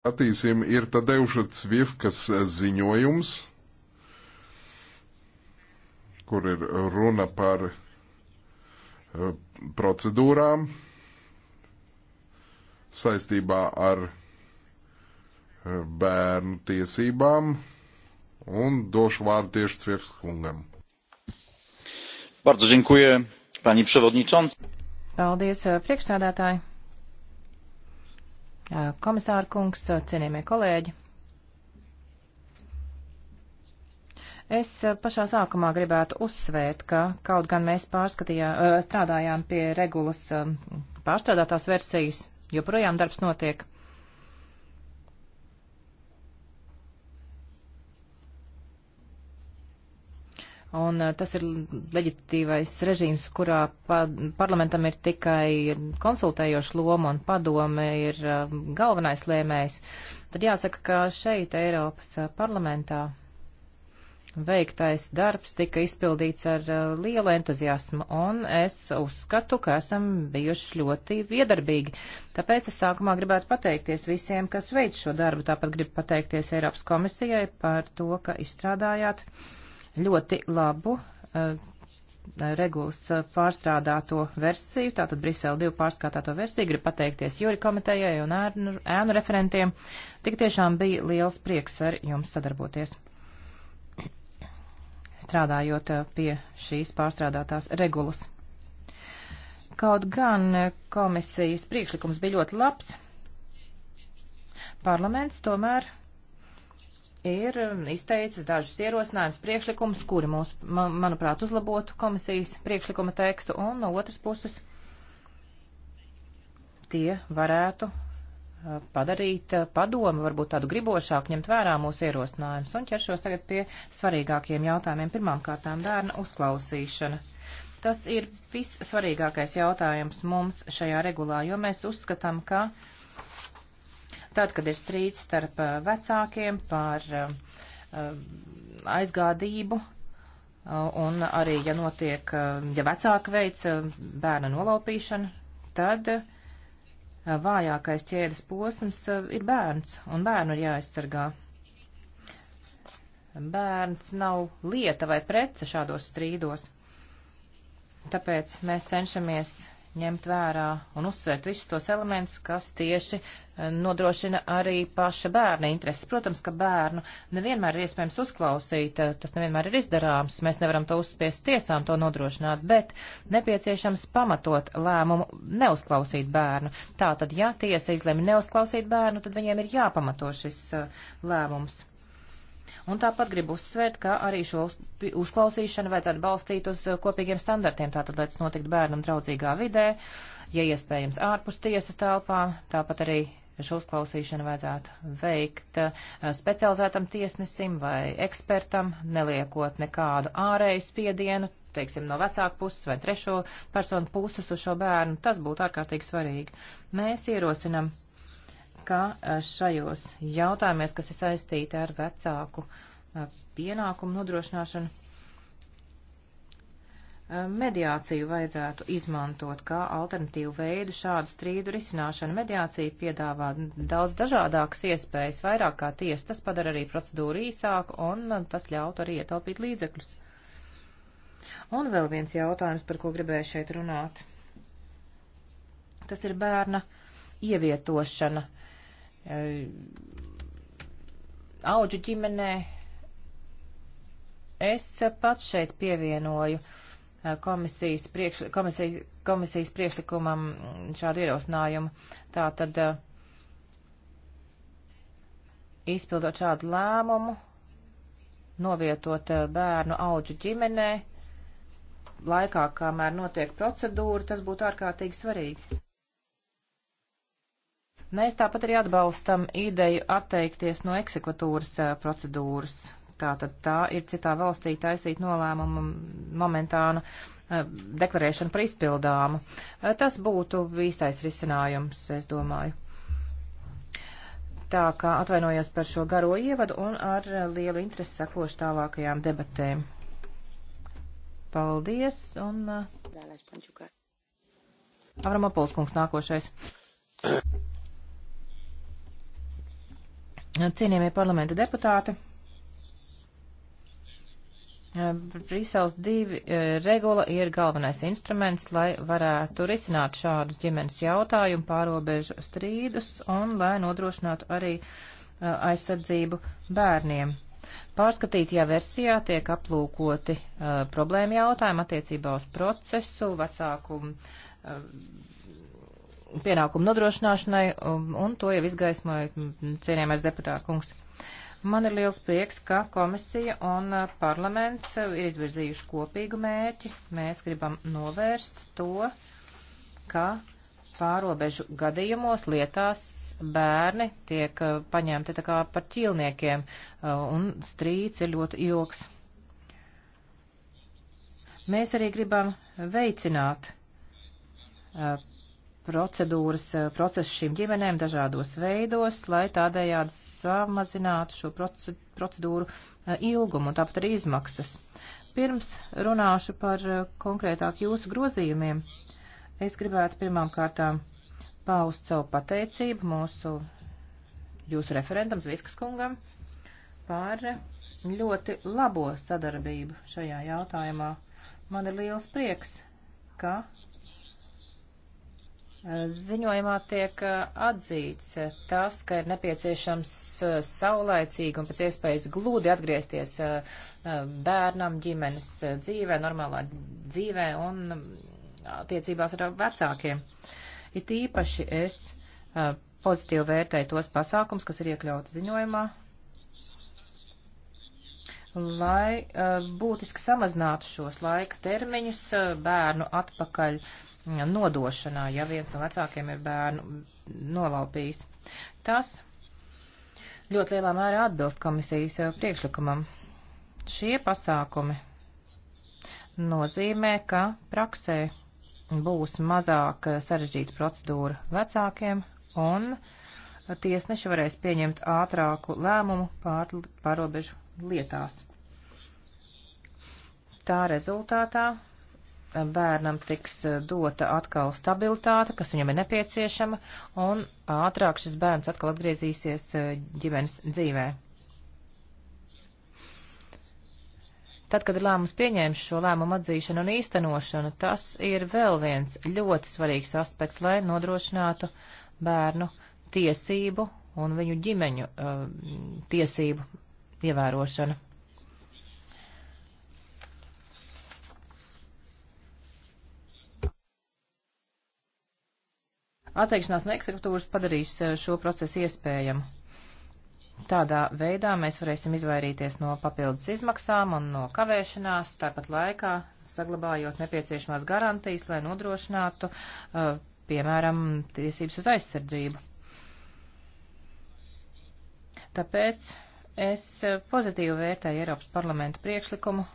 Skatīsim, ir Tadeuša Cvifkas ziņojums, kur ir runa par eh, procedūrām saistībā ar eh, bērnu tiesībām un došu vārdu tieši Cvifkas kungam. Bardzo dziękuję, pani przewodnicząca. Paldies, eh, priekšsādātāji komisāra kungs, cienījamie kolēģi. Es eh, pašā sākumā gribētu uzsvērt, ka kaut gan mēs eh, strādājām pie regulas eh, pārstrādātās versijas, joprojām darbs notiek. Un eh, tas ir leģitīvais režīms, kurā pa, parlamentam ir tikai konsultējoša loma un padome ir eh, galvenais lēmējs. Tad jāsaka, ka šeit Eiropas eh, parlamentā veiktais darbs tika izpildīts ar lielu entuziasmu, un es uzskatu, ka esam bijuši ļoti iedarbīgi. Tāpēc es sākumā gribētu pateikties visiem, kas veic šo darbu, tāpat gribu pateikties Eiropas komisijai par to, ka izstrādājāt uh, ļoti labu eh, regulas eh, pārstrādāto versiju, tātad Brisele 2 pārskatāto versiju, gribu pateikties Juri komitejai un ēnu, ēnu referentiem. Tik tiešām bija liels prieks ar jums sadarboties. Strādājot eh, pie šīs pārstrādātās regulas. Kaut gan komisijas priekšlikums bija ļoti labs, parlaments tomēr ir izteicis dažus ierosinājumus, priekšlikumus, kuri mūs, man, manuprāt, uzlabotu komisijas priekšlikuma tekstu, un no otras puses tie varētu padarīt padomu, varbūt tādu gribošāku ņemt vērā mūsu ierosinājumus, un ķeršos tagad pie svarīgākiem jautājumiem. Pirmām kārtām bērna uzklausīšana. Tas ir vissvarīgākais jautājums mums šajā regulā, jo mēs uzskatām, ka uh, Tad, kad ir strīds starp uh, vecākiem par uh, aizgādību, uh, un arī, ja notiek, ja vecāka veids bērna nolaupīšana, tad vājākais ķēdes posms ir bērns, un bērnu ir jāaizsargā. Bērns nav lieta vai prece šādos strīdos. Tāpēc mēs cenšamies ņemt vērā un uzsvērt visus tos elementus, kas tieši eh, nodrošina arī paša bērna intereses. Protams, ka bērnu nevienmēr ir iespējams uzklausīt, eh, tas nevienmēr ir izdarāms, mēs nevaram to uzspiest tiesām to nodrošināt, bet nepieciešams pamatot lēmumu neuzklausīt bērnu. Tātad, ja tiesa izlemj neuzklausīt bērnu, tad viņiem ir jāpamato šis eh, lēmums. Un tāpat gribu uzsvērt, ka arī šo uzklausīšanu vajadzētu balstīt uz uh, kopīgiem standartiem, tātad, lai tas notiktu bērnam draudzīgā vidē, ja iespējams ārpus tiesas telpā, tāpat arī šo uzklausīšanu vajadzētu veikt uh, specializētam tiesnesim vai ekspertam, neliekot nekādu ārēju spiedienu, teiksim, no vecāku puses vai trešo personu puses uz šo bērnu. Tas būtu ārkārtīgi svarīgi. Mēs ierosinam ka eh, šajos jautājumos, kas ir saistīti ar vecāku eh, pienākumu nodrošināšanu, eh, mediāciju vajadzētu izmantot kā alternatīvu veidu šādu strīdu risināšanu. Mediācija piedāvā daudz dažādākas iespējas, vairāk kā tiesa. Tas padara arī procedūru īsāku un tas ļaut arī ietaupīt līdzekļus. Un vēl viens jautājums, par ko gribēju šeit runāt. Tas ir bērna ievietošana Eh, auģu ģimenē. Es pats šeit pievienoju eh, komisijas, priekš, komisijas, komisijas priekšlikumam šādu ierosinājumu. Tā tad eh, izpildot šādu lēmumu, novietot bērnu auģu ģimenē, laikā, kamēr notiek procedūra, tas būtu ārkārtīgi svarīgi. Mēs tāpat arī atbalstam ideju atteikties no eksekvatūras eh, procedūras. Tātad tā ir citā valstī taisīt nolēmumu momentānu eh, deklarēšanu par izpildāmu. Eh, tas būtu īstais risinājums, es domāju. Tā kā atvainojos par šo garo ievadu un ar lielu interesi sekošu tālākajām debatēm. Paldies un. Avramopols kungs nākošais. Cienījamie parlamenta deputāti, eh, Brīseles divi eh, regula ir galvenais instruments, lai varētu risināt šādus ģimenes jautājumu pārobežu strīdus un lai nodrošinātu arī eh, aizsardzību bērniem. Pārskatītajā versijā tiek aplūkoti uh, problēma jautājumi attiecībā uz procesu, vecāku uh, pienākumu nodrošināšanai, um, un to jau izgaismoja mm, mm, cienījamais deputāta kungs. Man ir liels prieks, ka komisija un uh, parlaments uh, ir izvirzījuši kopīgu mērķi. Mēs gribam novērst to, ka pārobežu gadījumos lietās bērni tiek uh, paņemti tā kā par ķīlniekiem, un strīds ir ļoti ilgs. Mēs arī gribam veicināt procedūras, eh, procesu šīm ģimenēm dažādos veidos, lai tādējādi samazinātu šo procedūru eh, ilgumu un tāpat arī izmaksas. Pirms runāšu par eh, konkrētāk jūsu grozījumiem, es gribētu pirmām kārtām paust savu pateicību mūsu jūsu referentam Zvifkas kungam par ļoti labo sadarbību šajā jautājumā. Man ir liels prieks, ka Ziņojumā tiek atzīts tas, ka ir nepieciešams saulaicīgi un pēc iespējas glūdi atgriezties bērnam ģimenes dzīvē, normālā dzīvē un attiecībās ar vecākiem. It īpaši es pozitīvi vērtēju tos pasākums, kas ir iekļauti ziņojumā, lai būtiski samazinātu šos laika termiņus bērnu atpakaļ uh, nodošanā, ja viens no vecākiem ir bērnu nolaupījis. Tas ļoti lielā mērā atbilst komisijas eh, priekšlikumam. Šie pasākumi nozīmē, ka praksē būs mazāk eh, sarežģīta procedūra vecākiem un tiesneši varēs pieņemt ātrāku lēmumu pār, pārobežu lietās. Tā rezultātā bērnam tiks eh, dota atkal stabilitāte, kas viņam ir nepieciešama, un ātrāk šis bērns atkal atgriezīsies eh, ģimenes dzīvē. Tad, kad ir lēmums pieņēmis šo lēmumu atzīšanu un īstenošanu, tas ir vēl viens ļoti svarīgs aspekts, lai nodrošinātu bērnu tiesību un viņu ģimeņu uh, tiesību ievērošanu. Atteikšanās no eksekutūras padarīs eh, šo procesu iespējamu. Tādā veidā mēs varēsim izvairīties no papildus izmaksām un no kavēšanās, tāpat laikā saglabājot nepieciešamās garantijas, lai nodrošinātu, eh, piemēram, tiesības uz aizsardzību. Tāpēc es eh, pozitīvi vērtēju Eiropas parlamenta priekšlikumu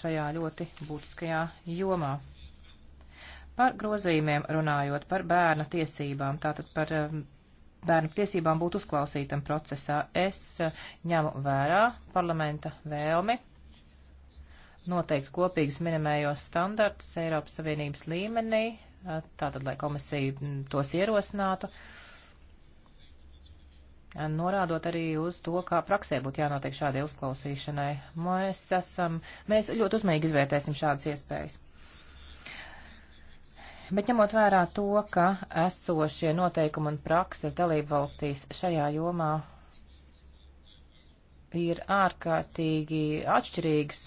šajā ļoti būtiskajā jomā. Par grozījumiem runājot par bērna tiesībām, tātad par um, bērnu tiesībām būt uzklausītam procesā, es uh, ņemu vērā parlamenta vēlmi noteikt kopīgus minimējos standartus Eiropas Savienības līmenī, uh, tātad, lai komisija mm, tos ierosinātu norādot arī uz to, kā praksē būtu jānotiek šādai uzklausīšanai. Mēs esam, mēs ļoti uzmanīgi izvērtēsim šādas iespējas. Bet ņemot vērā to, ka esošie noteikumi un prakses dalību valstīs šajā jomā ir ārkārtīgi atšķirīgas,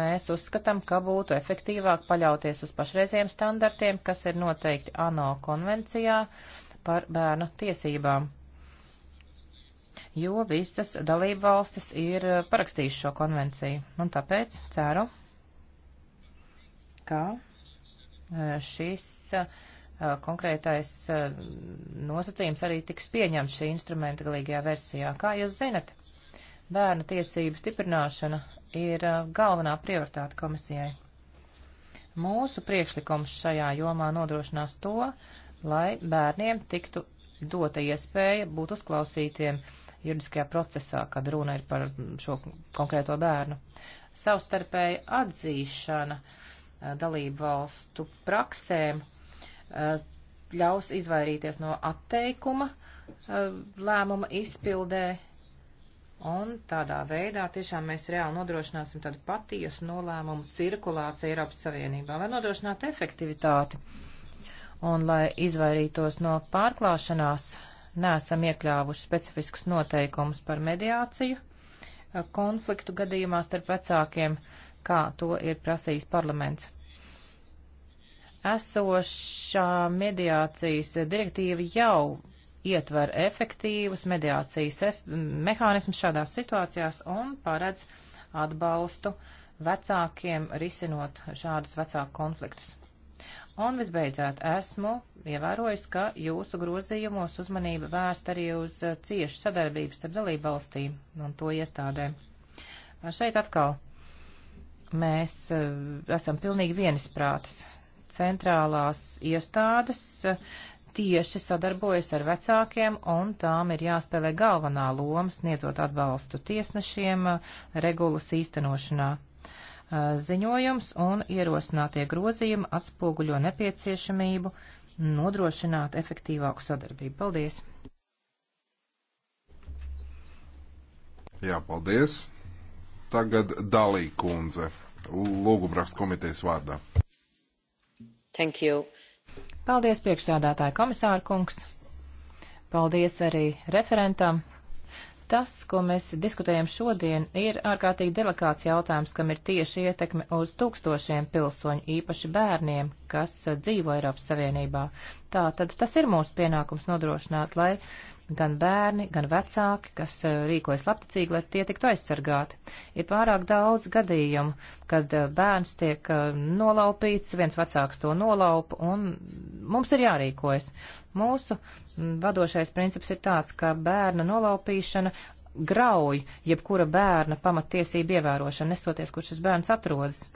mēs uzskatām, ka būtu efektīvāk paļauties uz pašreiziem standartiem, kas ir noteikti ANO konvencijā par bērnu tiesībām. Jo visas dalību valstis ir parakstījušas šo konvenciju. Un tāpēc ceru, ka šis konkrētais nosacījums arī tiks pieņemts šī instrumenta galīgajā versijā. Kā jūs zinat, bērnu tiesību stiprināšana ir galvenā prioritāte komisijai. Mūsu priekšlikums šajā jomā nodrošinās to, lai bērniem tiktu dota iespēja būt uzklausītiem juridiskajā procesā, kad runa ir par šo konkrēto bērnu. Savstarpēja atzīšana uh, Eh, dalību valstu praksēm eh, ļaus izvairīties no atteikuma eh, lēmuma izpildē, un tādā veidā tiešām mēs reāli nodrošināsim tādu patiesu nolēmumu cirkulāciju Eiropas Savienībā, lai nodrošinātu efektivitāti un lai izvairītos no pārklāšanās, nesam iekļāvuši specifiskus noteikumus par mediāciju konfliktu gadījumā starp vecākiem. Uh, kā to ir prasījis parlaments. Esošā mediācijas direktīva jau ietver efektīvus mediācijas ef mehānismus šādās situācijās un paredz atbalstu vecākiem risinot šādus vecāku konfliktus. Un visbeidzot, esmu ievērojis, ka jūsu grozījumos uzmanība vērst arī uz ciešu sadarbību starp dalību valstīm un to iestādēm. Šeit atkal Mēs eh, esam pilnīgi vienisprātis. Centrālās iestādes eh, tieši sadarbojas ar vecākiem, un tām ir jāspēlē galvenā loma sniedzot atbalstu tiesnešiem eh, regulas īstenošanā. Ziņojums un ierosinātie grozījumi atspoguļo nepieciešamību nodrošināt efektīvāku sadarbību. Paldies! Jā, paldies! Tagad Dalī kundze, lūgumrakst komitejas vārdā. Thank you. Paldies, priekšsēdētāja komisāra kungs. Paldies arī referentam. Tas, ko mēs diskutējam šodien, ir ārkārtīgi delikāts jautājums, kam ir tieši ietekme uz tūkstošiem pilsoņu, īpaši bērniem, kas dzīvo Eiropas Savienībā. Tā tad tas ir mūsu pienākums nodrošināt, lai gan bērni, gan vecāki, kas eh, rīkojas labticīgi, lai tie tiktu aizsargāti. Ir pārāk daudz gadījumu, kad eh, bērns tiek eh, nolaupīts, viens vecāks to nolaupa, un mums ir jārīkojas. Mūsu mm, vadošais princips ir tāds, ka bērna nolaupīšana grauj jebkura bērna pamatiesību ievērošana, nestoties, kur šis bērns atrodas.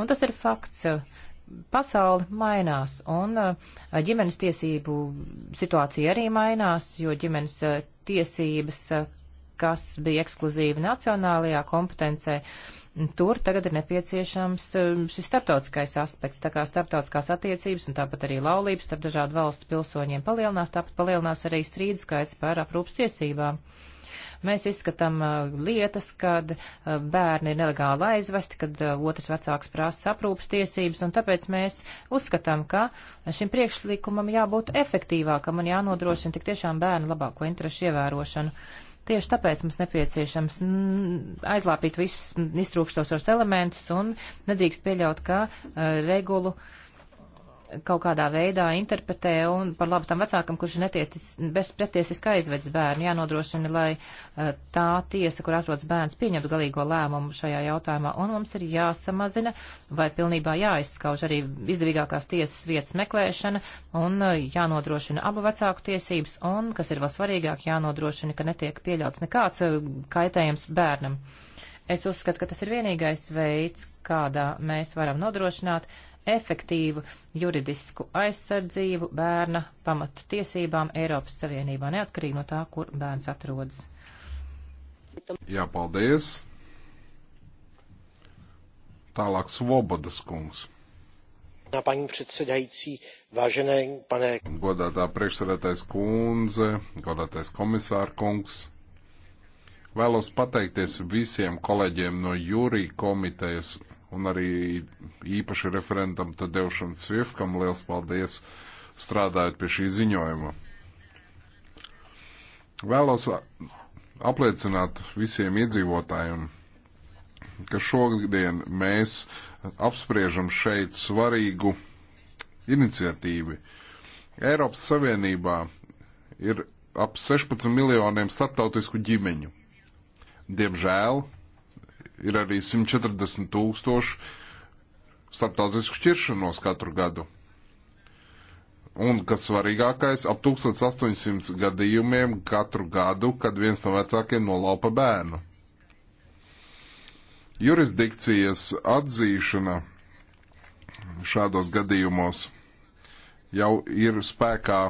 Un tas ir fakts pasauli mainās, un eh, ģimenes tiesību situācija arī mainās, jo ģimenes eh, tiesības, eh, kas bija ekskluzīvi nacionālajā kompetencē, mm, tur tagad ir nepieciešams šis starptautiskais aspekts, tā kā starptautiskās attiecības un tāpat arī laulības starp dažādu valstu pilsoņiem palielinās, tāpat palielinās arī strīdu skaits par aprūpas tiesībām. Uh, Mēs izskatām lietas, kad bērni ir nelegāli aizvesti, kad otrs vecāks prasa aprūpas tiesības, un tāpēc mēs uzskatām, ka šim priekšlikumam jābūt efektīvākam un jānodrošina tik tiešām bērnu labāko interešu ievērošanu. Tieši tāpēc mums nepieciešams aizlāpīt visus iztrūkstošos elementus un nedrīkst pieļaut, ka uh, regulu uh, kaut kādā veidā interpretē un par labu tam vecākam, kurš bezpretiesiski aizvedz bērnu, jānodrošina, lai eh, tā tiesa, kur atrodas bērns, pieņemtu galīgo lēmumu šajā jautājumā. Un mums ir jāsamazina vai pilnībā jāizskauž arī izdevīgākās tiesas vietas meklēšana un eh, jānodrošina abu vecāku tiesības un, kas ir vēl svarīgāk, jānodrošina, ka netiek pieļauts nekāds eh, kaitējums bērnam. Es uzskatu, ka tas ir vienīgais veids, kādā mēs varam nodrošināt, uh, efektīvu juridisku aizsardzību bērna pamatu tiesībām Eiropas Savienībā, neatkarīgi no tā, kur bērns atrodas. Jā, paldies! Tālāk Svobodas kungs. Paņi predsedājīcī, vāženē, panē. Godātā priekšsarētais kundze, godātais komisāra kungs. Vēlos pateikties visiem kolēģiem no jūrī komitejas un arī īpaši referentam Tadeušam Cvifkam liels paldies strādājot pie šī ziņojuma. Vēlos apliecināt visiem iedzīvotājiem, ka šodien mēs apspriežam šeit svarīgu iniciatīvu. Eiropas Savienībā ir ap 16 miljoniem starptautisku ģimeņu. Diemžēl ir arī 140 tūkstoši starptautisku šķiršanos katru gadu. Un, kas svarīgākais, ap 1800 gadījumiem katru gadu, kad viens no vecākiem nolaupa bērnu. Jurisdikcijas atzīšana šādos gadījumos jau ir spēkā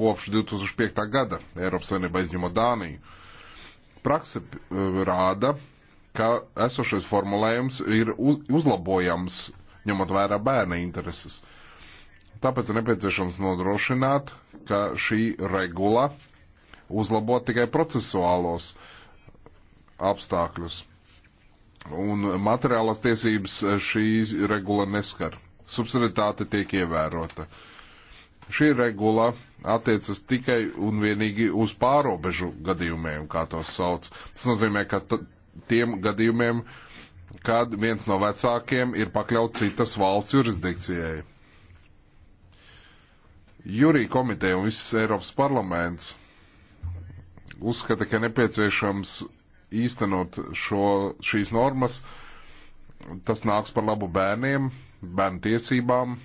kopš 2005. gada Eiropas Savienībā izņemot Dāniju. Prakse eh, rāda, ka esošais formulējums ir uzlabojams, ņemot vērā bērna intereses. Tāpēc ir nepieciešams nodrošināt, ka šī regula uzlabo tikai procesuālos apstākļus. Un materiālās tiesības šī regula neskar. Subsidiatāte tiek ievērota. Šī regula attiecas tikai un vienīgi uz pārobežu gadījumiem, kā tos sauc. Tas nozīmē, ka tiem gadījumiem, kad viens no vecākiem ir pakļauts citas valsts jurisdikcijai. Jurija komiteja un viss Eiropas parlaments uzskata, ka nepieciešams īstenot šo, šīs normas. Tas nāks par labu bērniem, bērnu tiesībām,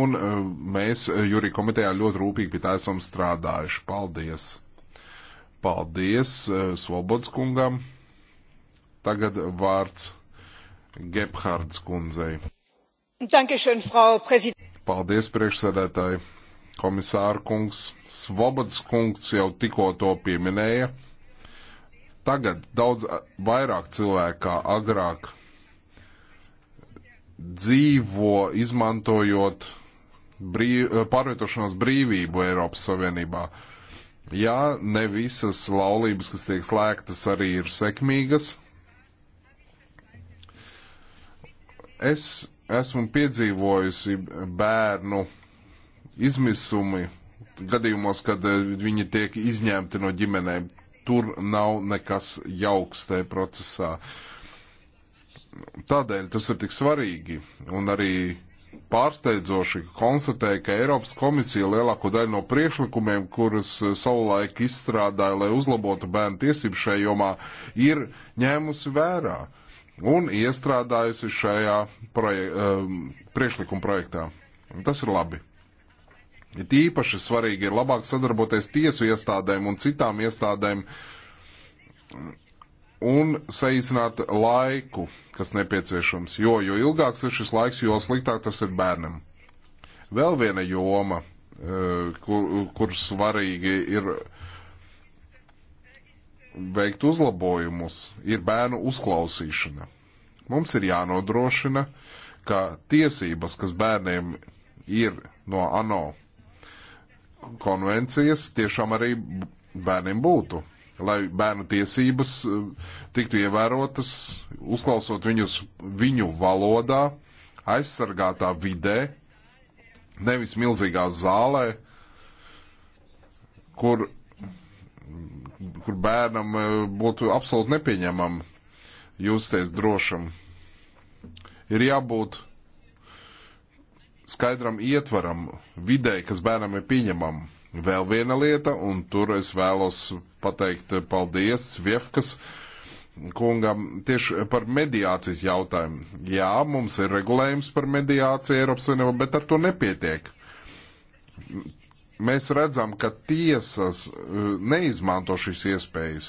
un eh, mēs Jurija komitejā ļoti rūpīgi pie tā esam strādājuši. Paldies! Paldies eh, Svobods kungam. Tagad vārds Gebhards kundzei. Dankeschön, Frau Prezident. Paldies, priekšsēdētāji. Komisāra kungs, Svobods kungs jau tikko to pieminēja. Tagad daudz eh, vairāk cilvēku kā agrāk dzīvo izmantojot brīv, eh, pārvietošanās brīvību Eiropas Savienībā. Uh, Ja ne visas laulības, kas tiek slēgtas, arī ir sekmīgas, es esmu piedzīvojusi bērnu izmisumi gadījumos, kad eh, viņi tiek izņemti no ģimenēm. Tur nav nekas jauks tajā procesā. Tādēļ tas ir tik svarīgi. Un arī pārsteidzoši konstatēja, ka Eiropas komisija lielāko daļu no priekšlikumiem, kurus eh, savulaik izstrādāja, lai uzlabotu bērnu tiesību šajā jomā, ir ņēmusi vērā un iestrādājusi šajā proje um, priekšlikuma projektā. Tas ir labi. It īpaši svarīgi ir labāk sadarboties tiesu iestādēm un citām iestādēm un saīsināt laiku, kas nepieciešams, jo, jo ilgāks ir šis laiks, jo sliktāk tas ir bērnam. Vēl viena joma, e, kur, kur svarīgi ir veikt uzlabojumus, ir bērnu uzklausīšana. Mums ir jānodrošina, ka tiesības, kas bērniem ir no ANO konvencijas, tiešām arī bērniem būtu lai bērnu tiesības eh, tiktu ievērotas, uzklausot viņus viņu valodā, aizsargātā vidē, nevis milzīgā zālē, kur, kur bērnam eh, būtu absolūti nepieņemam justies drošam. Ir jābūt skaidram ietvaram vidē, kas bērnam ir pieņemam. Vēl viena lieta, un tur es vēlos pateikt paldies Viefkas kungam tieši par mediācijas jautājumu. Jā, mums ir regulējums par mediāciju Eiropas Savienībā, bet ar to nepietiek. Mēs redzam, ka tiesas uh, neizmanto šīs iespējas.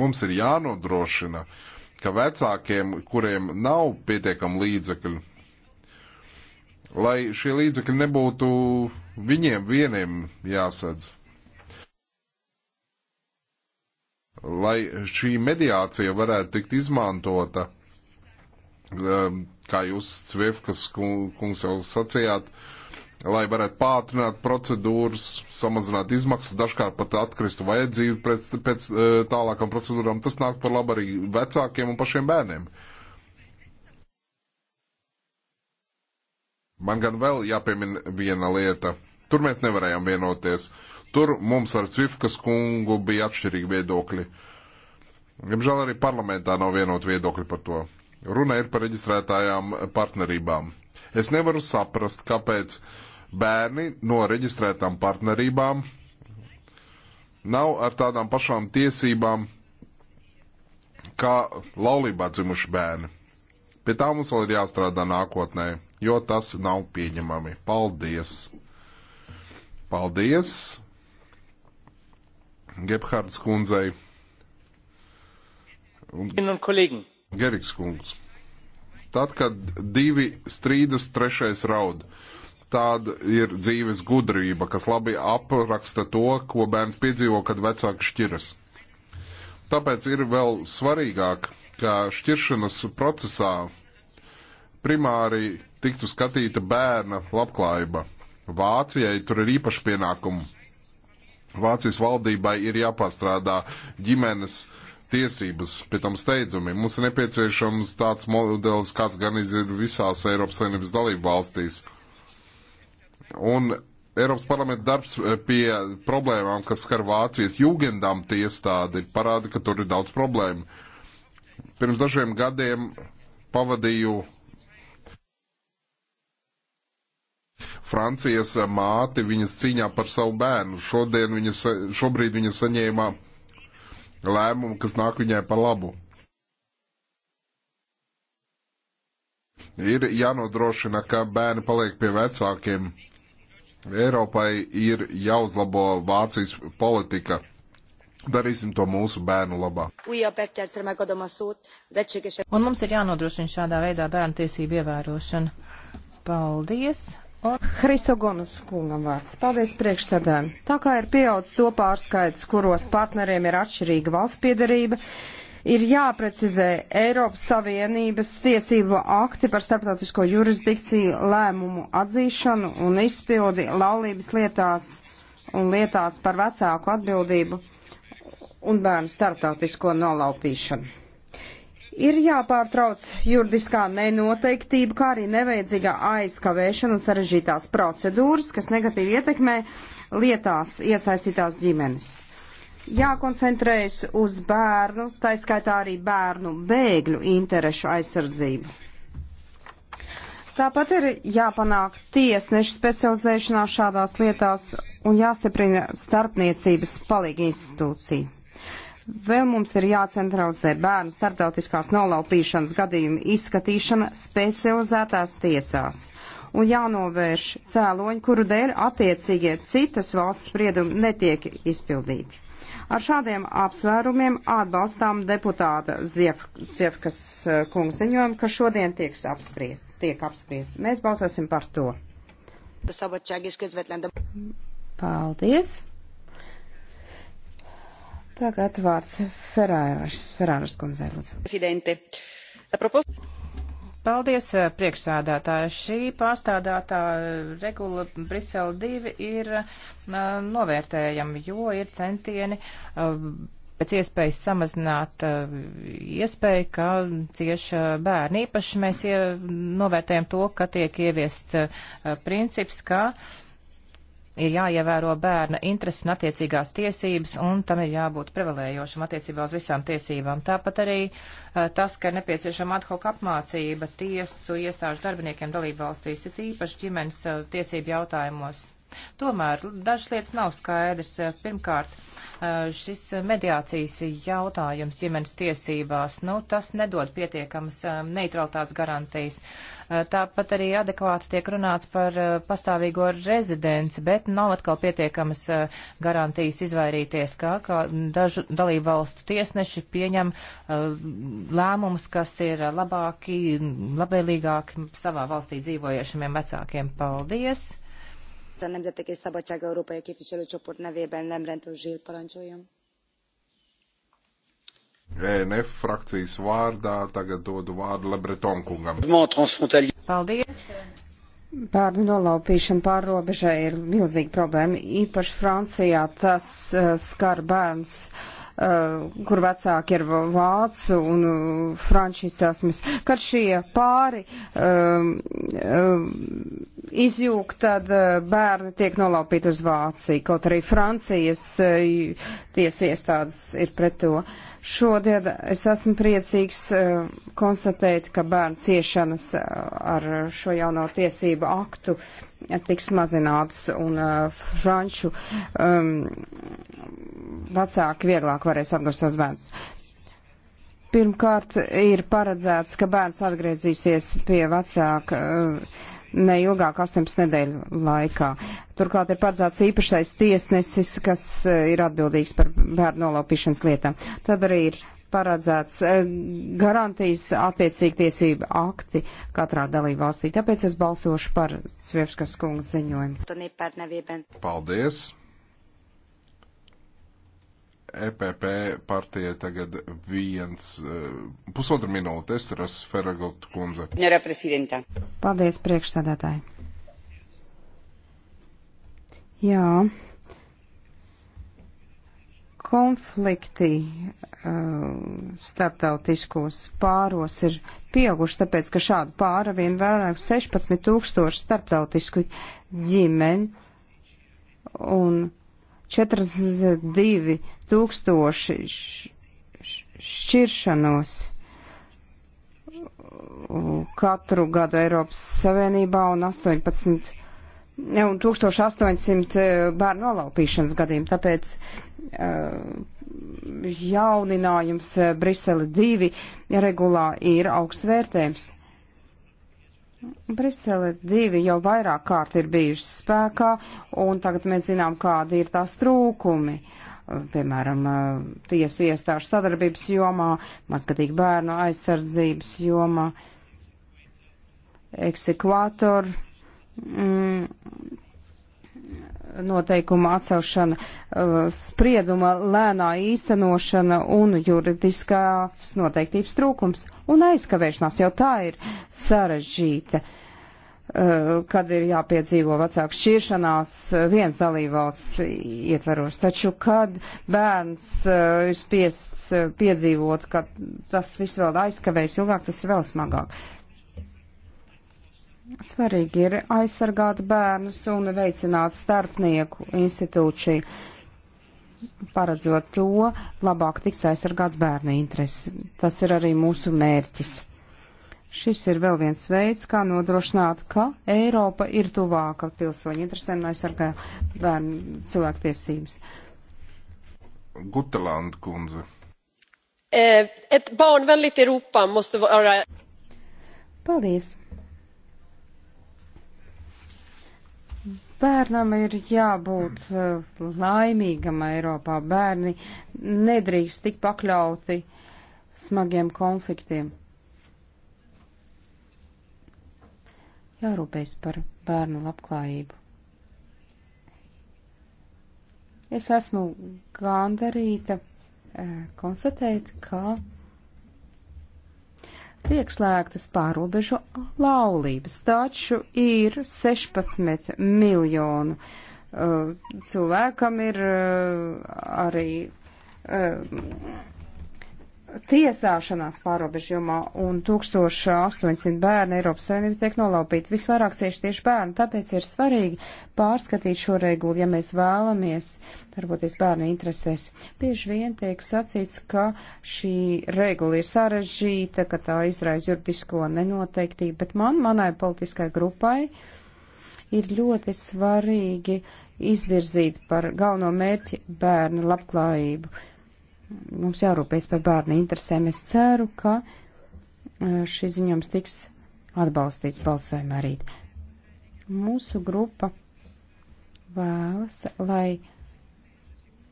Mums ir jānodrošina, ka vecākiem, kuriem nav pietiekami līdzekļu, lai šie līdzekļi nebūtu viņiem vieniem jāsadz. lai šī mediācija varētu tikt izmantota, um, kā jūs Cvifkas kungs jau sacījāt, lai varētu pātrināt procedūras, samazināt izmaksas, dažkārt pat atkristu vajadzību pēc, pēc uh, tālākam procedūram. Tas nāk par labu arī vecākiem un pašiem bērniem. Man gan vēl jāpiemina viena lieta. Tur mēs nevarējām vienoties. Uh, Tur mums ar Cvifkas kungu bija atšķirīgi viedokļi. Diemžēl arī parlamentā nav vienot viedokļi par to. Runa ir par reģistrētājām partnerībām. Es nevaru saprast, kāpēc bērni no reģistrētām partnerībām nav ar tādām pašām tiesībām kā laulībā dzimuši bērni. Pie tā mums vēl ir jāstrādā nākotnē, jo tas nav pieņemami. Paldies! Paldies! Gebhards kundzei un Geriks kungs. Tad, kad divi strīdas, trešais raud. Tāda ir dzīves gudrība, kas labi apraksta to, ko bērns piedzīvo, kad vecāki šķiras. Tāpēc ir vēl svarīgāk, ka šķiršanas procesā primāri tiktu skatīta bērna labklājība. Vācijai tur ir īpaši pienākumi Vācijas valdībai ir jāpastrādā ģimenes tiesības, pie tam steidzami. Mums ir nepieciešams tāds modelis, kāds gan ir visās Eiropas Savienības dalību valstīs. Un Eiropas parlamenta darbs eh, pie problēmām, kas skar Vācijas jūgendām tiestādi, parāda, ka tur ir daudz problēmu. Pirms dažiem gadiem pavadīju Francijas māti viņas cīņā par savu bērnu. Šodien viņa, šobrīd viņa saņēma lēmumu, kas nāk viņai par labu. Ir jānodrošina, ka bērni paliek pie vecākiem. Eiropai ir jāuzlabo Vācijas politika. Darīsim to mūsu bērnu labā. Un mums ir jānodrošina šādā veidā bērnu tiesību ievērošana. Paldies! Hrisogonas kungam vārds. Paldies priekšsēdēm. Tā kā ir pieaudzis to pārskaits, kuros partneriem ir atšķirīga valsts piedarība, ir jāprecizē Eiropas Savienības tiesību akti par starptautisko jurisdikciju lēmumu atzīšanu un izpildi laulības lietās un lietās par vecāku atbildību un bērnu starptautisko nolaupīšanu. Ir jāpārtrauc juridiskā nenoteiktība, kā arī neveidzīga aizkavēšana un sarežģītās procedūras, kas negatīvi ietekmē lietās iesaistītās ģimenes. Jākoncentrējas uz bērnu, taiskaitā arī bērnu bēgļu interešu aizsardzību. Tāpat ir jāpanāk tiesnešu specializēšanās šādās lietās un jāstiprina starpniecības palīgi institūcija. Vēl mums ir jācentralizē bērnu starptautiskās nolaupīšanas gadījumu izskatīšana specializētās tiesās un jānovērš cēloņi, kuru dēļ attiecīgie citas valsts spriedumi netiek izpildīti. Ar šādiem apsvērumiem atbalstām deputāta Zief, Ziefkas eh, kungas ziņojumu, kas šodien tiek apspriests. Tiek apspriests. Mēs balsosim par to. Paldies! Tagad vārds Ferāras, Ferāras kundzei, lūdzu. Paldies, eh, priekšsādātāja. Šī pārstādātā eh, regula Brisele 2 ir uh, eh, novērtējama, jo ir centieni uh, pēc iespējas samazināt uh, iespēju, ka cieši bērni. Īpaši mēs ie, novērtējam to, ka tiek ieviests princips, ka ir jāievēro bērna intereses un attiecīgās tiesības, un tam ir jābūt prevalējošam attiecībā uz visām tiesībām. Tāpat arī uh, tas, ka ir nepieciešama ad hoc apmācība tiesu iestāžu darbiniekiem dalību valstīs, ir īpaši ģimenes uh, tiesību jautājumos. Tomēr dažas lietas nav skaidrs. Pirmkārt, šis mediācijas jautājums ģimenes tiesībās, nu, tas nedod pietiekamas neutralitātes garantijas. Tāpat arī adekvāti tiek runāts par pastāvīgo rezidenci, bet nav atkal pietiekamas garantijas izvairīties, kā, kā dažu dalību valstu tiesneši pieņem lēmumus, kas ir labāki, labvēlīgāki savā valstī dzīvojušiem vecākiem. Paldies! a Nemzetek és Szabadság Európai Képviselőcsoport nevében Lemrentő Zsill parancsoljon. ENF frakcijas vārdā tagad dodu vārdu Lebreton kungam. Paldies! Bērnu nolaupīšana pārrobežai ir milzīga problēma. Īpaši Francijā tas uh, skar bērns. Uh, Uh, kur vecāki ir vācu un uh, franču izcelsmes, kad šie pāri um, um, izjūg, tad uh, bērni tiek nolaupīti uz Vāciju, kaut arī Francijas tiesa iestādes ir pret to. Šodien es esmu priecīgs uh, konstatēt, ka bērnu ciešanas ar šo jauno tiesību aktu tiks mazināts un uh, franču um, vecāki vieglāk varēs apgrozīt savus bērnus. Pirmkārt, ir paredzēts, ka bērns atgriezīsies pie vecāka uh, ne ilgāk 18 nedēļu laikā. Turklāt ir paredzēts īpašais tiesnesis, kas uh, ir atbildīgs par bērnu nolaupīšanas lietām. Tad arī ir paredzēts uh, garantijas attiecīgi tiesību akti katrā dalību valstī. Tāpēc es balsošu par Svievskas kungas ziņojumu. Paldies! EPP partija tagad viens, eh, pusotru minūti, es ras Feragot kundze. Paldies, priekšsādātāji. Jā. Konflikti uh, starptautiskos pāros ir pieauguši, tāpēc, ka šādu pāra vien vairāk 16 tūkstoši starptautisku ģimeni un 42 tūkstoši šķiršanos katru gadu Eiropas Savienībā un 18 un 1800 e, bērnu nolaupīšanas gadījumu. Tāpēc e, jauninājums e, Brisele 2 regulā ir augstvērtējums. Brisele divi jau vairāk kārt ir bijuši spēkā, un tagad mēs zinām, kādi ir tās trūkumi. Piemēram, tiesu iestāžu sadarbības jomā, mazgadīgu bērnu aizsardzības jomā, eksekvātoru mm, noteikuma atcelšana, uh, sprieduma lēnā īstenošana un juridiskās noteiktības trūkums un aizkavēšanās jau tā ir sarežģīta, uh, kad ir jāpiedzīvo vecāku šķiršanās uh, viens dalībvalsts ietveros. Taču, kad bērns ir spiests piedzīvot, ka tas viss vēl aizkavēs ilgāk, tas ir vēl smagāk. Svarīgi ir aizsargāt bērnus un veicināt starpnieku institūciju. Paredzot to, labāk tiks aizsargāts bērnu interesi. Tas ir arī mūsu mērķis. Šis ir vēl viens veids, kā nodrošināt, ka Eiropa ir tuvāka pilsoņu interesēm un aizsargā bērnu cilvēktiesības. Gutelanda kundze. Et eh, barnvänligt Europa måste vara. Paldies. Bērnam ir jābūt eh, laimīgam Eiropā. Bērni nedrīkst tik pakļauti smagiem konfliktiem. Jārūpējas par bērnu labklājību. Es esmu gandarīta eh, konstatēt, ka tiek slēgtas pārobežu laulības, taču ir 16 miljonu uh, cilvēkam ir uh, arī uh, tiesāšanās pārobežumā un 1800 bērnu Eiropas Savienība tiek nolaupīti. Visvairāk cieši tieši bērni, tāpēc ir svarīgi pārskatīt šo regulu, ja mēs vēlamies darboties bērnu interesēs. Bieži vien tiek sacīts, ka šī regula ir sarežģīta, ka tā izraisa juridisko nenoteiktību, bet man, manai politiskai grupai, ir ļoti svarīgi izvirzīt par galveno mērķi bērnu labklājību Mums jārūpēs par bērnu interesēm. Es ceru, ka e, šis ziņojums tiks atbalstīts balsojumā arī. Mūsu grupa vēlas, lai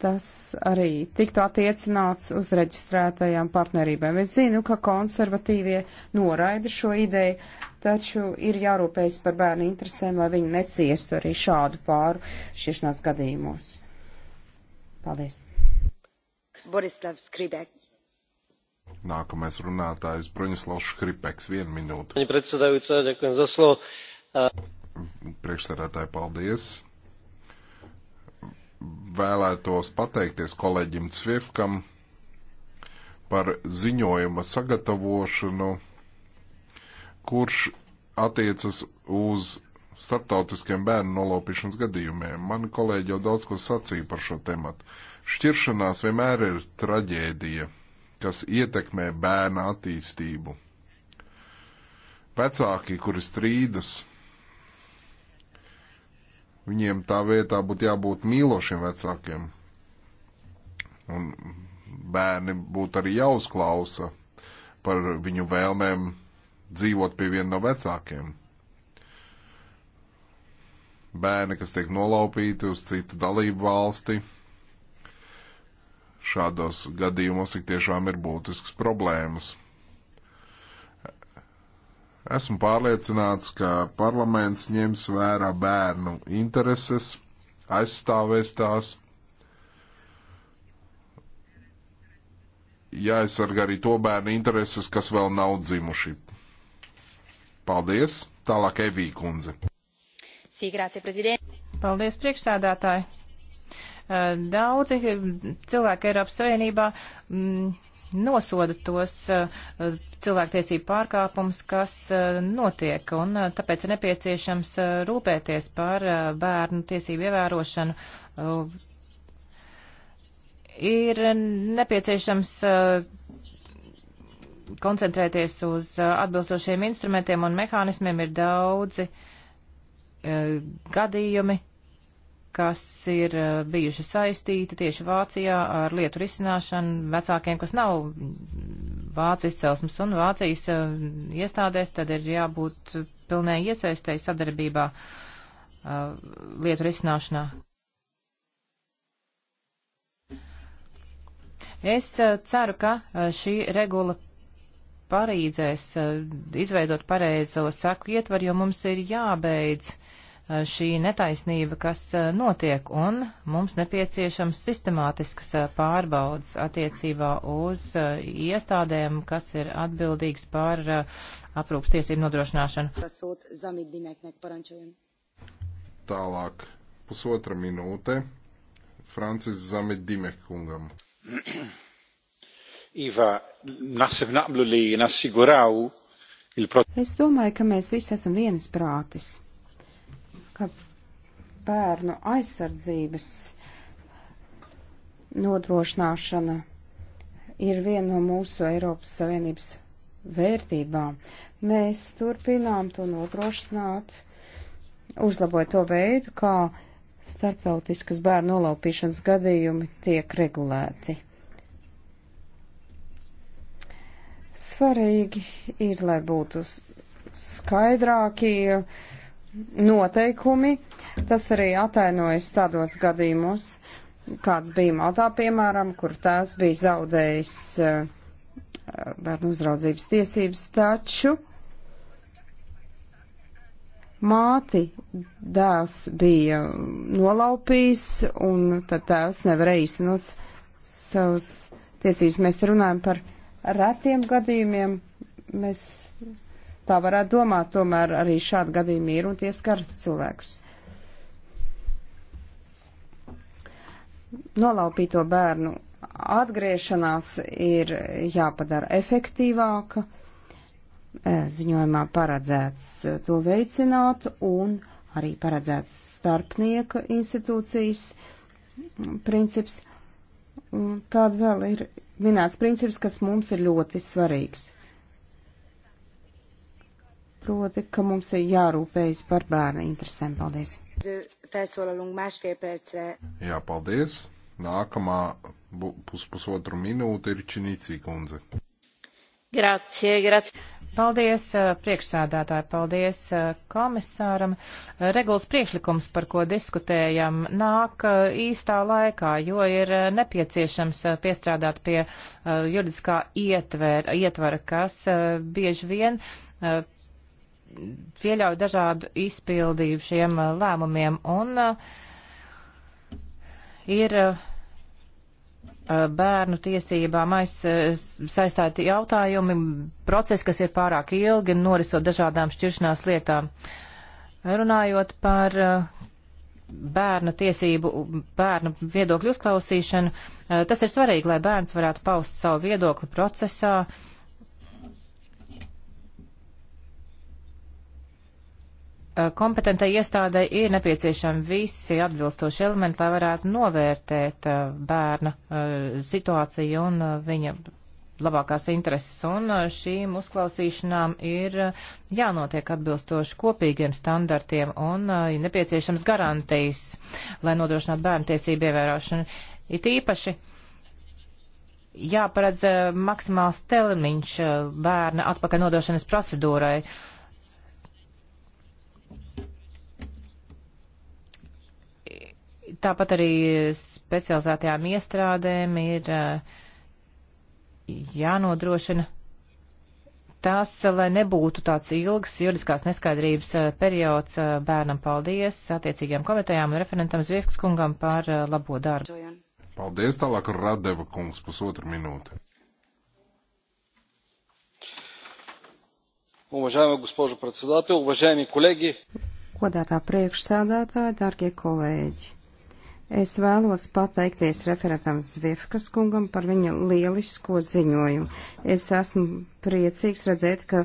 tas arī tiktu attiecināts uz reģistrētajām partnerībām. Es zinu, ka konservatīvie noraida šo ideju, taču ir jārūpējas par bērnu interesēm, lai viņi neciestu arī šādu pāru šiešanās gadījumos. Paldies! Borislavs Kribeks. Nākamais runātājs Broņislavs Škripeks, viena minūte. Viņa predsedājūca, ďakujem za slovo. Priekšsarētāji, paldies. Vēlētos pateikties kolēģim Cvifkam par ziņojuma sagatavošanu, kurš attiecas uz starptautiskiem bērnu nolaupīšanas gadījumiem. Mani kolēģi jau daudz ko sacīja par šo tematu. Uh, Šķiršanās vienmēr ir traģēdija, kas ietekmē bērna attīstību. Vecāki, kuri strīdas, viņiem tā vietā būtu jābūt mīlošiem vecākiem. Un bērni būtu arī jāuzklausa par viņu vēlmēm dzīvot pie viena no vecākiem. Bērni, kas tiek nolaupīti uz citu dalību valsti, šādos gadījumos tik tiešām ir būtisks problēmas. Esmu pārliecināts, ka parlaments ņems vērā bērnu intereses, aizstāvēs tās, jāaizsarga arī to bērnu intereses, kas vēl nav dzimuši. Paldies! Tālāk Evī kundze. Paldies, priekšsēdētāji! Daudzi cilvēki Eiropas Savienībā mm, nosoda tos eh, cilvēktiesību pārkāpumus, kas eh, notiek, un eh, tāpēc ir nepieciešams rūpēties par bērnu tiesību ievērošanu. Ir nepieciešams koncentrēties uz atbilstošiem instrumentiem un mehānismiem, ir daudzi gadījumi, kas ir eh, bijuši saistīti tieši Vācijā ar lietu risināšanu vecākiem, kas nav Vācu izcelsmes un Vācijas eh, iestādēs, tad ir jābūt pilnē iesaistēji sadarbībā eh, lietu risināšanā. Es ceru, ka šī regula palīdzēs izveidot pareizo saku ietvaru, jo mums ir jābeidz Eh, šī netaisnība, kas eh, notiek, un mums nepieciešams sistemātiskas eh, pārbaudas attiecībā uz iestādēm, kas ir atbildīgas par aprūpas tiesību nodrošināšanu. Tālāk pusotra minūte Francis Zamidimek kungam. Iva, nasib naqblu li nassiguraw il Es domāju, ka mēs visi esam vienas prātes ka bērnu aizsardzības nodrošināšana ir viena no mūsu Eiropas Savienības vērtībām. Mēs turpinām to nodrošināt, uzlabojot to veidu, kā starptautiskas bērnu nolaupīšanas gadījumi tiek regulēti. Svarīgi ir, lai būtu skaidrākie noteikumi. Tas arī atainojas tādos gadījumos, kāds bija Maltā, piemēram, kur tās bija zaudējis eh, eh, bērnu uzraudzības tiesības, taču māti dēls bija nolaupījis, un tad tēvs nevarēja īstenot savas tiesības. Mēs te runājam par retiem gadījumiem. Mēs tā varētu domāt, tomēr arī šādi gadījumi ir un tie skar cilvēkus. Nolaupīto bērnu atgriešanās ir jāpadara efektīvāka, e, ziņojumā paredzēts to veicināt un arī paredzēts starpnieka institūcijas princips. Un tāda vēl ir minēts princips, kas mums ir ļoti svarīgs proti, ka mums ir jārūpējas par bērnu interesēm. Paldies! Jā, paldies! Nākamā pus, pusotru minūte ir Činīcī kundze. Grazie, grazie. Paldies eh, priekšsādātāji, paldies eh, komisāram. Eh, regulas priekšlikums, par ko diskutējam, nāk īstā laikā, jo ir nepieciešams piestrādāt pie juridiskā ietver, ietvara, kas bieži vien pieļauj dažādu izpildību šiem lēmumiem un ir bērnu tiesībām saistīti jautājumi, procesi, kas ir pārāk ilgi, norisot dažādām šķiršanās lietām. Runājot par bērna tiesību, bērna viedokļu uzklausīšanu, tas ir svarīgi, lai bērns varētu paust savu viedokli procesā, uh, Eh, kompetentai iestādai ir nepieciešami visi atbilstoši elementi, lai varētu novērtēt eh, bērna eh, situāciju un viņa labākās intereses. Un šīm uzklausīšanām ir jānotiek atbilstoši kopīgiem standartiem un ir nepieciešams garantijas, lai nodrošinātu bērnu tiesību ievērošanu. It īpaši jāparedz maksimāls termiņš bērna atpakaļ nodošanas procedūrai. Uh, Tāpat arī specializētajām iestrādēm ir eh, jānodrošina tas, lai nebūtu tāds ilgs juridiskās neskaidrības eh, periods eh, bērnam. Paldies attiecīgajām komitejām un referentam Zviefkas kungam par labo darbu. Paldies tālāk Radeva kungs pusotru minūti. Уважаема госпожо председател, уважаеми колеги! Godātā priekšsēdētāja, dārgie kolēģi! Es vēlos pateikties referentam Zviefkas kungam par viņa lielisko ziņojumu. Es esmu priecīgs redzēt, ka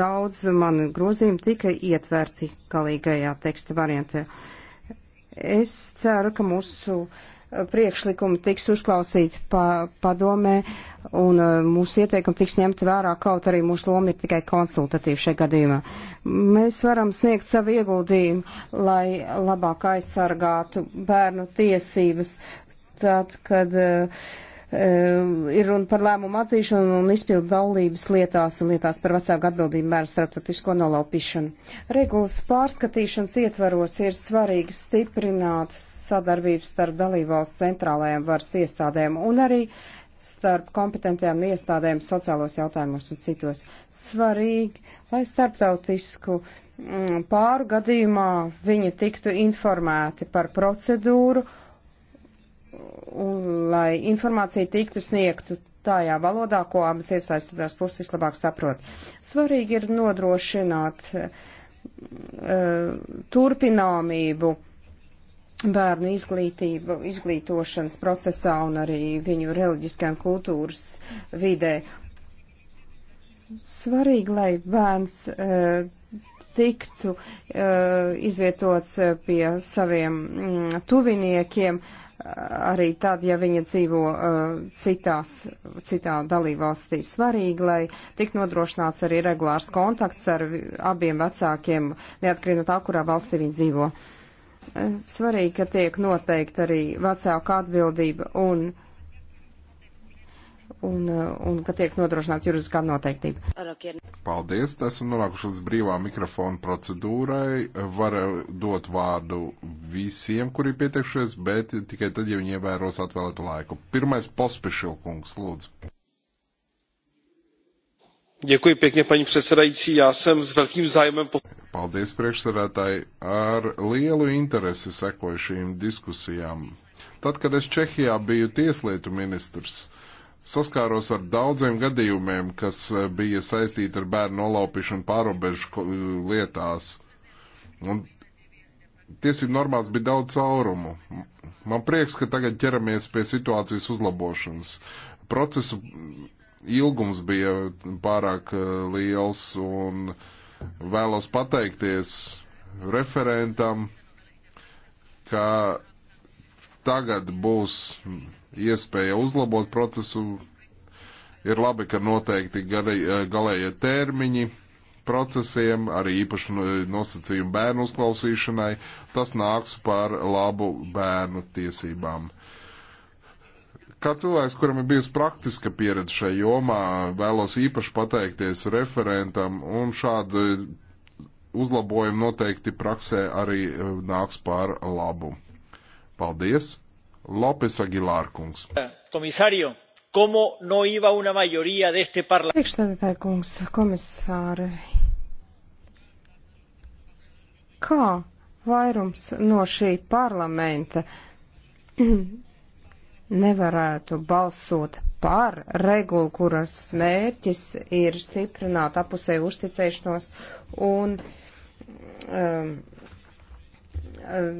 daudz manu grozījumu tika ietverti galīgajā teksta variantē. Es ceru, ka mūsu uh, priekšlikumi tiks uzklausīti pa, padomē un uh, mūsu ieteikumi tiks ņemti vērā, kaut arī mūsu loma ir tikai konsultatīva šajā gadījumā. Mēs varam sniegt savu ieguldījumu, lai labāk aizsargātu bērnu tiesības, tad, kad uh, Ehm, ir runa par lēmumu atzīšanu un izpildu dalības lietās un lietās par vecāku atbildību mēru starptautisko nolaupīšanu. Regulas pārskatīšanas ietvaros ir svarīgi stiprināt sadarbību starp dalībvalsts centrālajām varas iestādēm un arī starp kompetentajām iestādēm sociālos jautājumos un citos. Svarīgi, lai starptautisku mm, pāru gadījumā viņi tiktu informēti par procedūru un lai informācija tiktu sniegtu tajā valodā, ko abas iesaistītās puses vislabāk saprot. Svarīgi ir nodrošināt uh, turpināmību bērnu izglītību, izglītošanas procesā un arī viņu reliģiskajā un kultūras vidē. Svarīgi, lai bērns uh, tiktu uh, izvietots eh, pie saviem mm, tuviniekiem, eh, arī tad, ja viņa dzīvo uh, citās, citā dalībvalstī. Svarīgi, lai tik nodrošināts arī regulārs kontakts ar abiem vecākiem, neatkarīgi no tā, kurā valstī viņi dzīvo. Svarīgi, ka tiek noteikti arī vecāku atbildība un uh, un, eh, un ka tiek nodrošināta juridiskā noteiktība. Paldies, esam nonākuši līdz brīvā mikrofona procedūrai. Var eh, dot vārdu visiem, kuri pieteikšies, bet tikai tad, ja viņi ievēros atvēlētu laiku. Pirmais pospišilkungs, lūdzu. Děkuji pěkně, paní předsedající. Já jsem s velkým zájmem... Paldies, priekšsēdētāji. Ar lielu interesi sekoju šīm diskusijām. Tad, kad es Čehijā biju tieslietu ministrs, saskāros ar daudziem gadījumiem, kas eh, bija saistīti ar bērnu nolaupīšanu pārobežu lietās. Un tiesību normās bija daudz caurumu. Man prieks, ka tagad ķeramies pie situācijas uzlabošanas. Procesu ilgums bija pārāk eh, liels un vēlos pateikties referentam, ka tagad būs iespēja uzlabot procesu. Ir labi, ka noteikti eh, galējie termiņi procesiem, arī īpaši nosacījumi bērnu uzklausīšanai. Tas nāks par labu bērnu tiesībām. Kā cilvēks, kuram ir bijusi praktiska pieredze šajā jomā, vēlos īpaši pateikties referentam, un šādi uzlabojumi noteikti praksē arī eh, nāks par labu. Paldies! Lopes Agilārkungs. Komisārio, como no iba una mayoría de este parlamento. Priekšstādātāja kungs, komisāri, kā vairums no šī parlamenta nevarētu balsot par regulu, kuras mērķis ir stiprināt apusēju uzticēšanos un um, um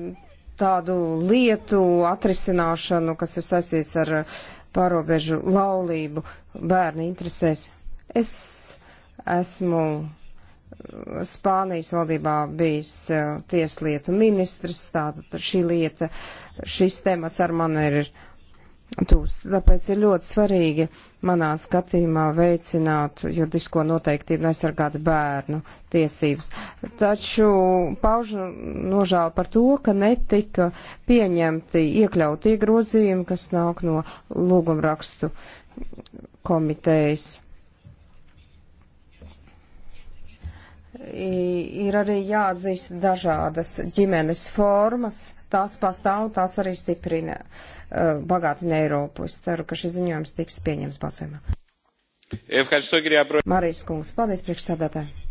tādu lietu atrisināšanu, kas ir saistīts ar uh, pārobežu laulību bērnu interesēs. Es esmu uh, Spānijas valdībā bijis uh, tieslietu ministrs, tātad šī lieta, šis temats ar mani ir tūs. Tāpēc ir ļoti svarīgi manā skatījumā veicināt juridisko noteiktību nesargāt bērnu tiesības. Taču paužu nožēlu par to, ka netika pieņemti iekļautie grozījumi, kas nāk no lūgumrakstu komitejas. Ir arī jāatzīst dažādas ģimenes formas, tās pastāv, tās arī stiprina uh, bagātina Eiropu. Es ceru, ka šis ziņojums tiks pieņems balsojumā. Marijas kungs, paldies priekšsēdētāji.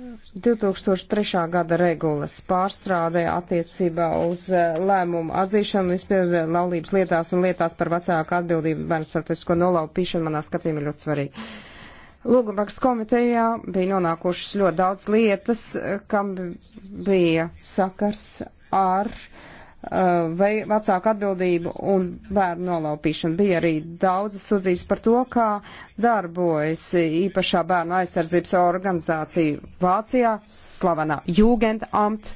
2003. gada regulas pārstrādē attiecībā uz uh, lēmumu atzīšanu, izpildu laulības lietās un lietās par vecāku atbildību bērnu starptautisko nolaupīšanu manā skatījumā ļoti svarīgi Lūgumrakstu komitejā bija nonākušas ļoti daudz lietas, eh, kam bija sakars ar uh, vai vecāku atbildību un bērnu nolaupīšanu. Bija arī daudzas sudzīs par to, kā darbojas īpašā bērnu aizsardzības organizācija Vācijā, slavenā Jugendamt,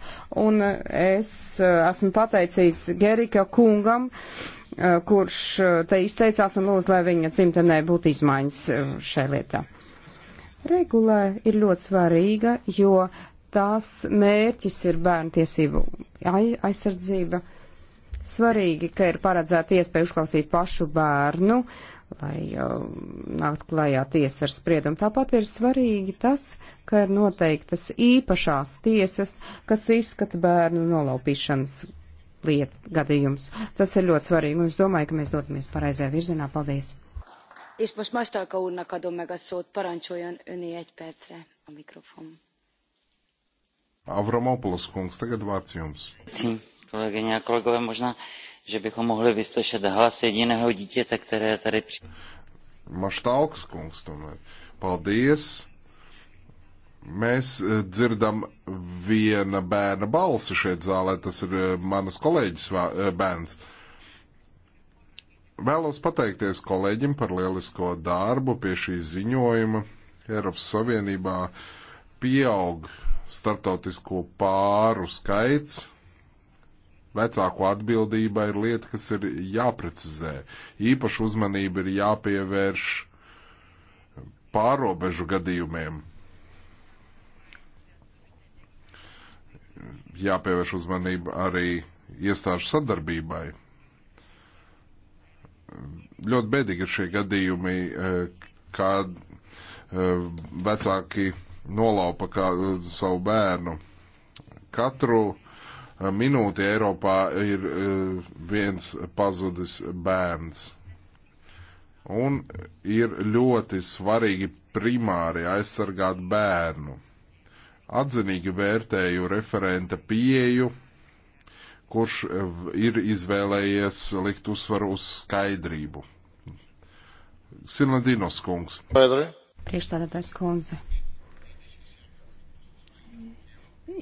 un eh, es uh, esmu pateicīts Gerika kungam, uh, kurš te izteicās un lūdz, lai viņa dzimtenē būtu izmaiņas šajā lietā regulē ir ļoti svarīga, jo tās mērķis ir bērnu tiesību aizsardzība. Svarīgi, ka ir paredzēta iespēja uzklausīt pašu bērnu, lai uh, nākt klajā tiesa ar spriedumu. Tāpat ir svarīgi tas, ka ir noteiktas īpašās tiesas, kas izskata bērnu nolaupīšanas lietu gadījums. Tas ir ļoti svarīgi, un es domāju, ka mēs dodamies pareizajā virzienā. Paldies! és most Mastalka úrnak adom meg a szót, parancsoljon öné egy percre a mikrofon. Avramopoulos kungs, tagad vārds jums. Kolegyně a kolegové, možná, že bychom mohli vyslyšet hlas jediného dítěte, které tady při... Maštalks kungs, tomēr. Paldies! Mēs eh, dzirdam viena bērna balsi šeit zālē, tas ir eh, manas kolēģis eh, bērns. Uh, Vēlos pateikties kolēģim par lielisko darbu pie šī ziņojuma. Eiropas Savienībā pieaug starptautisko pāru skaits. Vecāku atbildība ir lieta, kas ir jāprecizē. Īpaši uzmanība ir jāpievērš pārobežu gadījumiem. Jāpievērš uzmanība arī iestāžu sadarbībai ļoti bēdīgi ir šie gadījumi, e, kad e, vecāki nolaupa kā, e, savu bērnu. Katru minūti Eiropā ir viens pazudis bērns. Un ir ļoti svarīgi primāri aizsargāt bērnu. Atzinīgi vērtēju referenta pieeju kurš e, ir izvēlējies likt uzsvaru uz skaidrību. Sinadinos kungs. Pēdri. Priekšstādātājs kundze.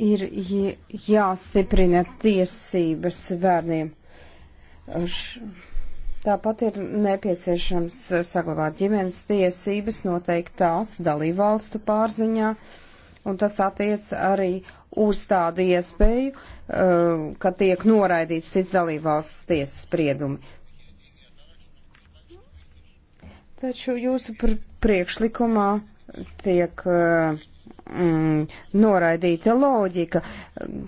Ir jāstiprina tiesības bērniem. Tāpat ir nepieciešams saglabāt ģimenes tiesības noteiktās dalībvalstu pārziņā, un tas attiec arī uz tādu iespēju, uh, ka tiek noraidīts šis dalībvalsts tiesas spriedumi. Taču jūsu pr priekšlikumā tiek uh, mm, noraidīta loģika.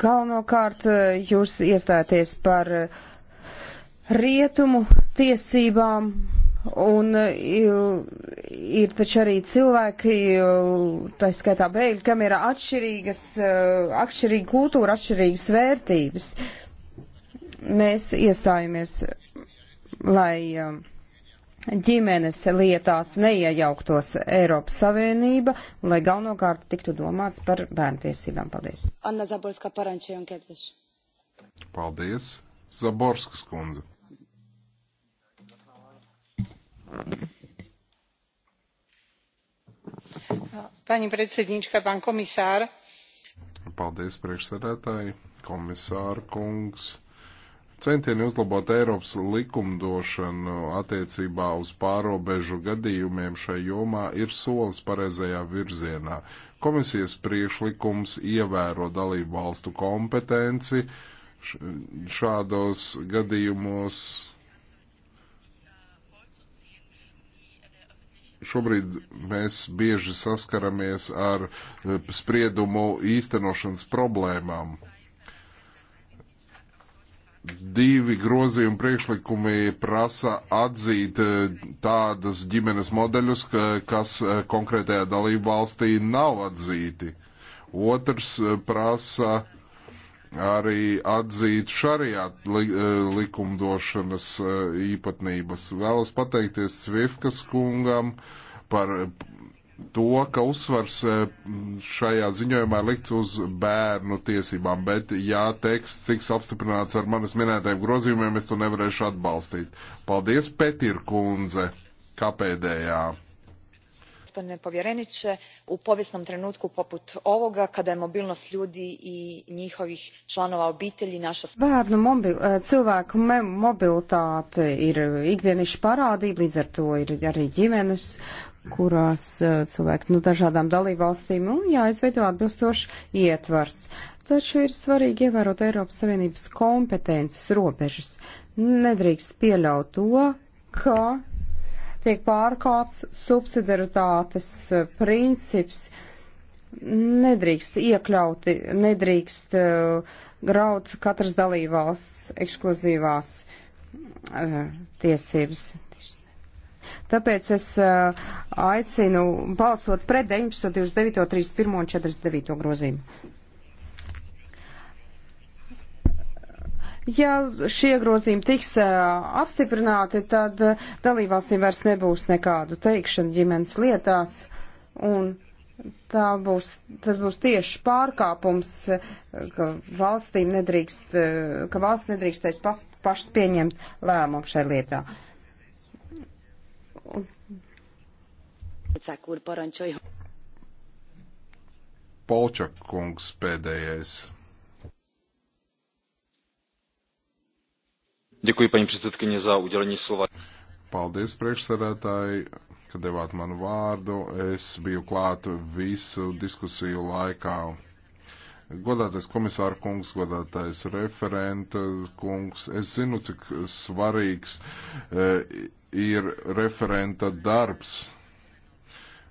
Galvenokārt uh, jūs iestāties par rietumu tiesībām Un e, ir taču arī cilvēki, e, tā skaitā bēgļi, kam ir atšķirīgas, e, atšķirīga kultūra, atšķirīgas vērtības. Mēs iestājamies, lai ģimenes lietās neiejauktos Eiropas Savienība, lai galvenokārt tiktu domāts par bērntiesībām. Paldies. Anna Zaborska, Parančē un Ketviš. Paldies. Zaborskas kundze. Pani predsednička, pán komisār. Paldies, priekšsēdētāji, komisāra kungs. Centieni uzlabot Eiropas likumdošanu attiecībā uz pārobežu gadījumiem šai jomā ir solis pareizajā virzienā. Komisijas priekšlikums ievēro dalību valstu kompetenci šādos gadījumos Šobrīd mēs bieži saskaramies ar eh, spriedumu īstenošanas problēmām. Divi grozījumi priekšlikumi prasa atzīt eh, tādas ģimenes modeļus, kas eh, konkrētajā dalību valstī nav atzīti. Otrs prasa uh, arī atzīt šariāt li, e, likumdošanas e, īpatnības. Vēlos pateikties Svifkas kungam par to, ka uzsvars e, šajā ziņojumā likts uz bērnu tiesībām, bet ja teksts tiks apstiprināts ar manis minētajiem grozījumiem, es to nevarēšu atbalstīt. Paldies, Petir kundze, kā pēdējā gospodine povjerenie u povijesnom trenutku poput ovoga kada je mobilnost ljudi i njihovih lanova obitelji naa Bērnu mobil, eh, cilvēku mobilitāte ir ikdienišķa parādība, līdz ar to ir arī ģimenes, kurās eh, cilvēki nu, dažādām dalībvalstīm un jāizveido atbilstoši ietvarts. Taču ir svarīgi ievērot Eiropas Savienības kompetences robežas. Nedrīkst pieļaut to, ka tiek pārkāpts subsidaritātes eh, princips. Nedrīkst iekļauti, nedrīkst uh, eh, graud katras dalībvalsts ekskluzīvās uh, tiesības. Tāpēc es uh, aicinu balsot pret 19, 29, 31 un 49 grozījumu. Ja šie grozījumi tiks apstiprināti, tad dalībvalstīm vairs nebūs nekādu teikšanu ģimenes lietās, un tā būs, tas būs tieši pārkāpums, ka valstīm nedrīkst, ka valsts nedrīkstēs pas, pašas pieņemt lēmumu šai lietā. Un... Polčak kungs pēdējais. Děkuji, paní předsedkyně, za udělení slova. Paldies, priekšsēdētāji, ka devāt man vārdu. Es biju klāt visu diskusiju laikā. Godātais komisāra kungs, godātais referenta kungs, es zinu, cik svarīgs e, ir referenta darbs.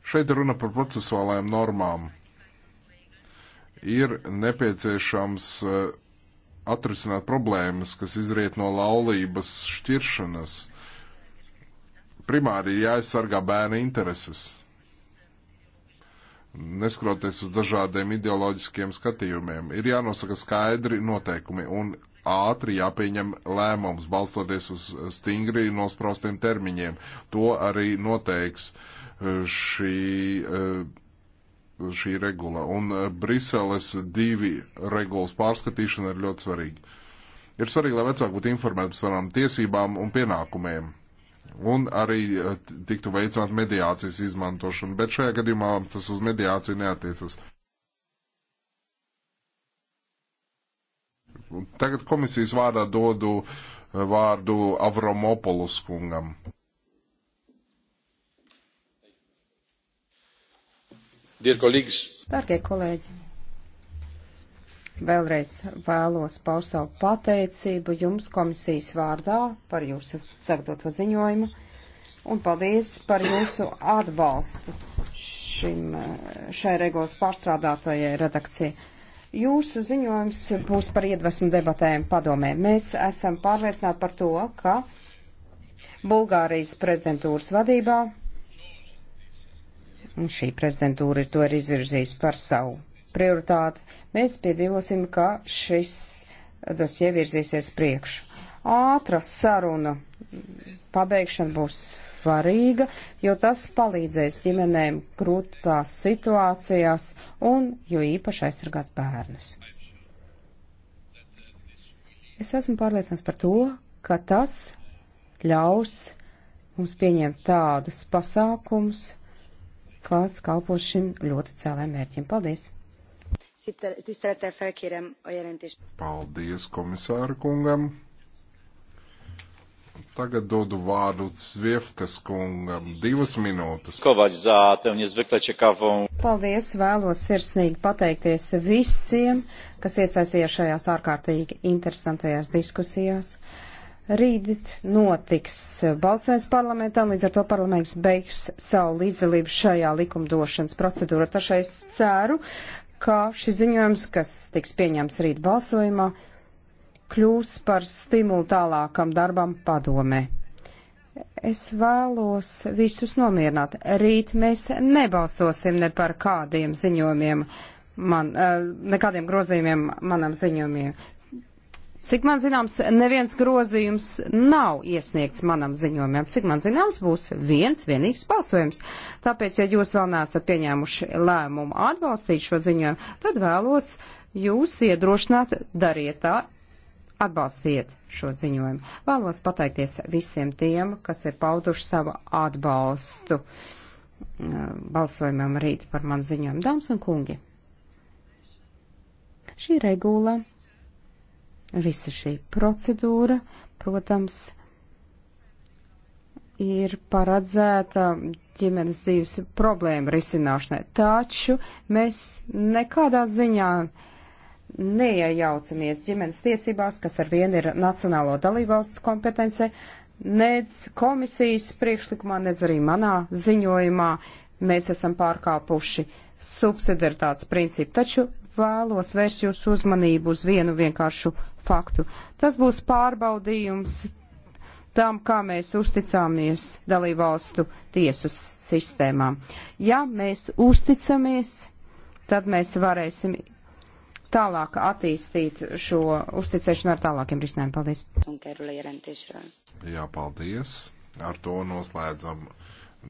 Šeit runa par procesuālajām normām. Ir nepieciešams e, atrisināt problēmas, kas izriet no laulības šķiršanas. Primāri ir jāaizsargā bērna intereses, neskroties uz dažādiem ideoloģiskiem skatījumiem. Ir jānosaka skaidri noteikumi un ātri jāpieņem lēmums, balstoties uz stingri nospraustiem termiņiem. To arī noteiks eh, šī. Uh, šī regula. Un eh, Briseles divi regulas pārskatīšana ir ļoti svarīga. Ir svarīgi, lai vecāki būtu informēti par savām tiesībām un pienākumiem. Un arī eh, tiktu veicināt mediācijas izmantošanu, bet šajā gadījumā tas uz mediāciju neatiecas. Tagad komisijas vārdā dodu eh, vārdu Avromopolus kungam. Dārgie kolēģi, vēlreiz vēlos paust savu pateicību jums komisijas vārdā par jūsu sagatavoto ziņojumu un paldies par jūsu atbalstu šim, šai regulas pārstrādātajai redakcijai. Jūsu ziņojums būs par iedvesmu debatēm padomē. Mēs esam pārliecināti par to, ka Bulgārijas prezidentūras vadībā šī prezidentūra to ir izvirzījusi par savu prioritāti, mēs piedzīvosim, ka šis dosie virzīsies priekšu. Ātra saruna pabeigšana būs svarīga, jo tas palīdzēs ģimenēm grūtās situācijās un jo īpaši aizsargās bērnus. Es esmu pārliecināts par to, ka tas ļaus mums pieņemt tādus pasākums, kas kalpo šim ļoti cēlēm mērķim. Paldies! Paldies komisāra kungam! Tagad dodu vārdu Zviefkas kungam divas minūtes. Kovačs zāte un iezvekla čekavā. Paldies, vēlos sirsnīgi pateikties visiem, kas iesaistījās šajās ārkārtīgi interesantajās diskusijās. Uh, Rītdit notiks balsojums parlamentā, līdz ar to parlaments beigs savu līdzdalību šajā likumdošanas procedūrā. Tašais ceru, ka šis ziņojums, kas tiks pieņemts rīt balsojumā, kļūs par stimulu tālākam darbam padomē. Es vēlos visus nomierināt. Rīt mēs nebalsosim ne par kādiem ziņojumiem, man, eh, nekādiem grozījumiem manam ziņojumiem. Cik man zināms, neviens grozījums nav iesniegts manam ziņojumam. Cik man zināms, būs viens vienīgs balsojums. Tāpēc, ja jūs vēl neesat pieņēmuši lēmumu atbalstīt šo ziņojumu, tad vēlos jūs iedrošināt dariet tā, atbalstiet šo ziņojumu. Vēlos pateikties visiem tiem, kas ir pauduši savu atbalstu uh, balsojumam rīt par man ziņojumu. Dāmas un kungi! Šī regula Visa šī procedūra, protams, ir paredzēta ģimenes dzīves problēma risināšanai. Taču mēs nekādā ziņā neiejaucamies ģimenes tiesībās, kas ar vienu ir nacionālo dalībvalstu kompetence, nedz komisijas priekšlikumā, nedz arī manā ziņojumā mēs esam pārkāpuši subsidiaritātes principu. Taču vēlos vērst jūsu uzmanību uz vienu vienkāršu faktu. Tas būs pārbaudījums tam, kā mēs uzticāmies dalībvalstu tiesu sistēmām. Ja mēs uzticamies, tad mēs varēsim tālāk attīstīt šo uzticēšanu ar tālākiem risinājumiem. Paldies! Jā, paldies! Ar to noslēdzam